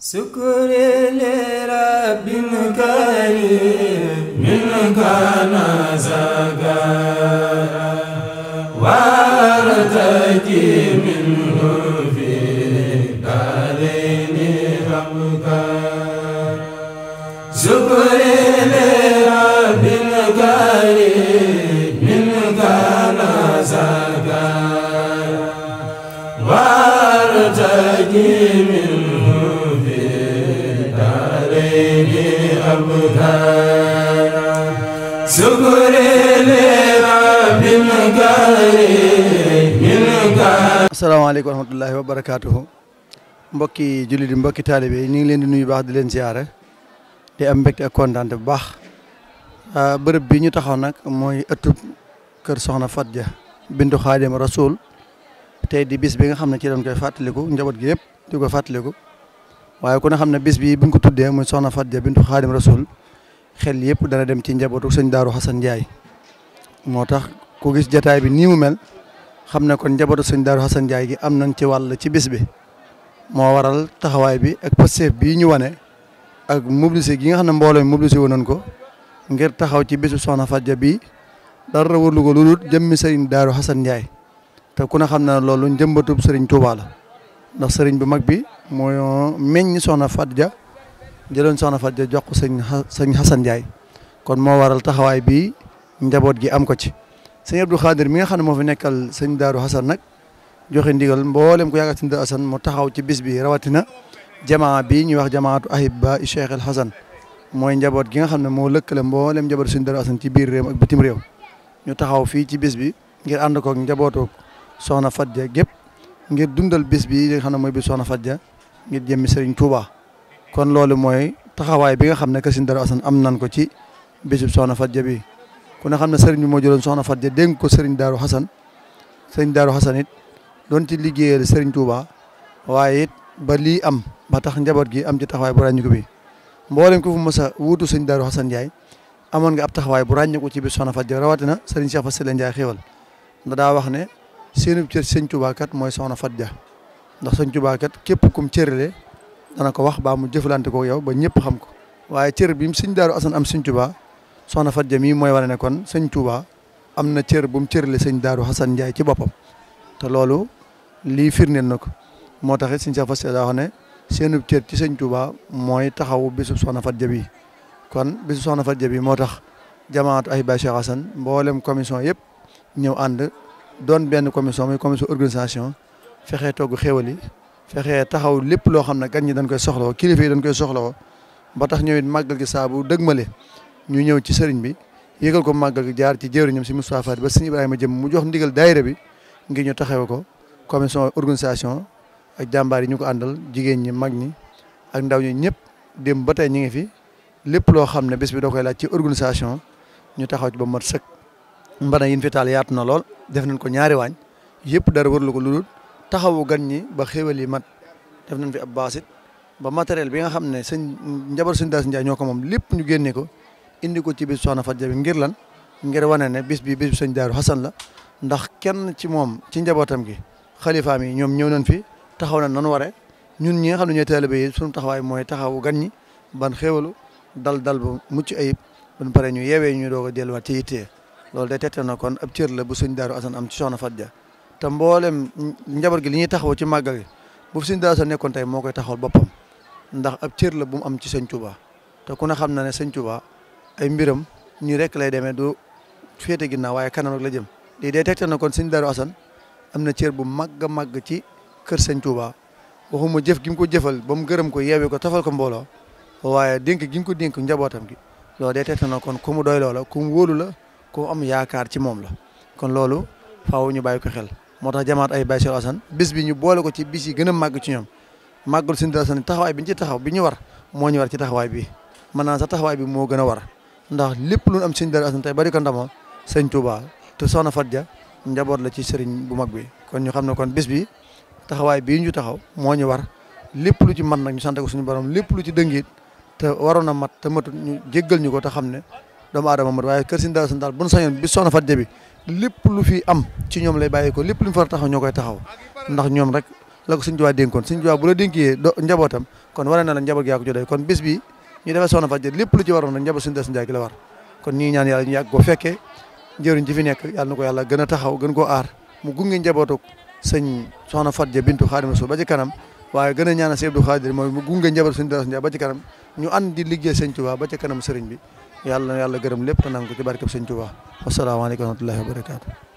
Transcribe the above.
شكر لرب كريم منك نزكى وارتجي asalaamaaleykum wa rahmatullahi wa barakaatuhu mbokki jullit yi mbokki taalibe yi ñu ngi leen di nuyu baax di leen ziyaare di am mbégte ak kontaante bu baax ah, bërëb bi ñu taxaw nag mooy ëttub kër soxna Fat Dia bintu Xaadim Rasul tey di bis bi nga xam ne ci doon koy fàttaliku njaboot gi yëpp di ko fàttaliku waaye ku ne xam ne bis bi buñ ko tuddee muy soxna Faty Dia bintu Xaadim Rasul xel yëpp dana dem ci njabootu sëñ Daaru Xasan Ndiaye moo tax ku gis jataay bi nii mu mel xam ne kon njabootu sëñ Daaru Xasan Ndiaye gi am nañ ci wàll ci bis bi moo waral taxawaay bi ak passeef bii ñu wane ak mobilisé gi nga xam ne mbooloo mi mobilisé nañ ko ngir taxaw ci bisu soxna Faty Dia bii dara wërlu ko lu dul jëmmi sëriñ Daaru Xasan Ndiaye te ku xam ne loolu njëmbatub sëriñ Touba ndax sëriñ bu mag bi mooy meññ soxna fat ja jëloon soxna Fatou Dia jox ko sëñ sëñ Hassan Ndiaye kon moo waral taxawaay bi njaboot gi am ko ci. sëñ Abdou Khadir mi nga xam ne moo fi nekkal sëñ Daaru Hassan nag joxe ndigal mboolem ku yaakaar sëñ Daaru Hassan mu taxaw ci bis bi rawatina jamaa bi ñu wax jamaatu ahibba Cheikh El Hassan mooy njaboot gi nga xam ne moo lëkkale mboolem njaboot sëñ Daaru Hassan ci biir réew ak bitim réew ñu taxaw fii ci bis bi ngir ànd koog njabootu soxna Fatou Dia gépp ngir dundal bis bi nga xam mooy bi soxna Fatou Dia ngir jëmmi Serigne Touba kon loolu mooy taxawaay bi nga xam ne Kassine Darou Assane am nan ko ci bisub Soxna Fatia bi ku ne xam ne Serigne bi moo jëloon Soxna Fatia dénk ko Serigne Darou Assane Serigne Darou Assane it doon liggéeyal Serigne Touba waaye it ba lii am ba tax njaboot gi am ci taxawaay bu ràññiku bi mboolem ku fu mos a wuutu Serigne Darou Assane Ndiaye amoon nga ab taxawaay bu ràññiku ci bis Soxna Fatia rawatina Serigne Cheikh Fassile Ndiaye xéwal da daa wax ne seenub cër Serigne kat mooy Soxna faj ja ndax sëñ Tuubaa kat képp kum cërale dana ko wax baa mu jëflante ko yow ba ñëpp xam ko waaye cër bi sëñ Daaru Asan am sëñ Tuubaa soxna Faat Jaa mii mooy wane ne kon sëñ am na cër bu mu cërale sëñ Daaru Asan Njaay ci boppam te loolu lii firndeel na ko moo tax it sëñ Seex Faat Jaa daa wax cër ci sëñ Tuubaa mooy taxawu bisub soxna Faat Jaa bi kon bisub soxna Faat Jaa bi moo tax jamaat ay Baay Cheikh mboolem commission yëpp ñëw ànd doon benn commission muy commission organisation fexe toog xéwal yi fexe taxaw lépp loo xam ne gan ñi dañ koy soxlawoo kilifa yi dañ koy soxlawoo ba tax ñëwit màggal gi saa bu dëgmale ñu ñëw ci sëriñ bi yëgal ko màggal gi jaar ci jëwriñam si Moustapha ba sëñ Ibrahima jëm mu jox ndigal daayira bi ngir ñu taxawe ko commission organisation ak jàmbaar yi ñu ko àndal jigéen ñi mag ñi ak ndaw ñi ñëpp dem ba tey ñu ngi fi lépp loo xam ne bés bi doo koy laaj ci organisation ñu taxaw ci ba mat sëkk mbana yin fi taal yaatu na lool def nañ ko ñaari waañ yëpp dara wërlu ko lu taxawu gan ñi ba xéwal yi mat def nañ fi ab baasit ba matériel bi nga xam ne sëñ njabar sëñ Daas Njaay ñoo ko moom lépp ñu génne ko indi ko ci bis soxna Faat Jabi ngir lan ngir wane ne bis bi bis bi sëñ Daaru Xasan la ndax kenn ci moom ci njabootam gi xalifaam yi ñoom ñëw nañ fi taxaw na noonu ware ñun ñi nga xam ne ñooy taalibe yi suñu taxawaay mooy taxawu gan ñi ban xéwalu dal dal bu mucc ayib ban pare ñu yeewee ñu doog a delluwaat ci yittee loolu day tette na kon ab cër la bu sëñ Daaru Xasan am ci soxna Faat Jabi te mboolem njaboot gi li ñuy taxaw ci màggal gi bu Sëñ Daaru Asan nekkoon tey moo koy taxawal boppam ndax ab cër la bu mu am ci Sëñ Tuubaa te ku ne xam na ne Sëñ Tuubaa ay mbiram nii rek lay demee du féete ginnaaw waaye kanam rek la jëm di day tegtal na kon Sëñ Daaru Asan am na cër bu màgg a màgg ci kër Sëñ Tuubaa waxuma jëf gi ko jëfal ba mu gërëm ko yeewee ko tafal ko mbooloo waaye dénk gi mu ko dénk njabootam gi loolu day tegtal na kon ku mu doy loola ku mu la ku am yaakaar ci moom la kon loolu faaw ñu bàyyi ko xel moo tax jamaat ay Baye Cheikh Assane bis bi ñu boole ko ci bis yi gën a màgg ci ñoom màggul sëñ Darou Assane taxawaay bi ñu ci taxaw bi ñu war moo ñu war ci taxawaay bi mën naa sax taxawaay bi moo gën a war ndax lépp lu am siñ Darou Assane tey bari ko ndamoo sëñ Touba te soxna Fatou Dia njaboot la ci sëriñ bu mag bi kon ñu xam ne kon bis bi taxawaay bii ñu taxaw moo ñu war lépp lu ci mat nag ñu sant ko suñu borom lépp lu ci dëngit te waroon na mat te matut ñu jéggal ñu ko te xam ne doomu aadama mat waaye daal bu ñu sañoon bis soxna Fatou Dia bi lépp lu fi am ci ñoom lay bàyyi ko lépp lu mu far taxaw ñoo koy taxaw ndax ñoom rek la ko Sëñ Tuubaa dénkoon Sëñ Tuubaa bu la dénkee do njabootam kon war na la njaboot yaa ko jodee kon bés bi ñu defee soxna Faty Dia lépp lu ci waroon rek njaboot suñu des njaay la war kon ñi ñaan yàlla ñu yàgg ko fekkee njëriñ ji fi nekk yàlla na ko yàlla gën a taxaw gën koo aar mu gunge njabootu sëñ soxna Faty Dia bintu Xaadimu Rasuul ba ci kanam waaye gën a ñaanal Sëñ Abdou Xaadir mooy mu gunge njabootu suñu des njaay ba ci ñu ànd di liggéey Sëñ Tuubaa ba ci kanam sëriñ bi yàlla na yàlla gërëm lépp te nangu ko ci barkeb Sëñ Tuubaa wasalaamaaleykum wa rahmatullahi wa barakaatu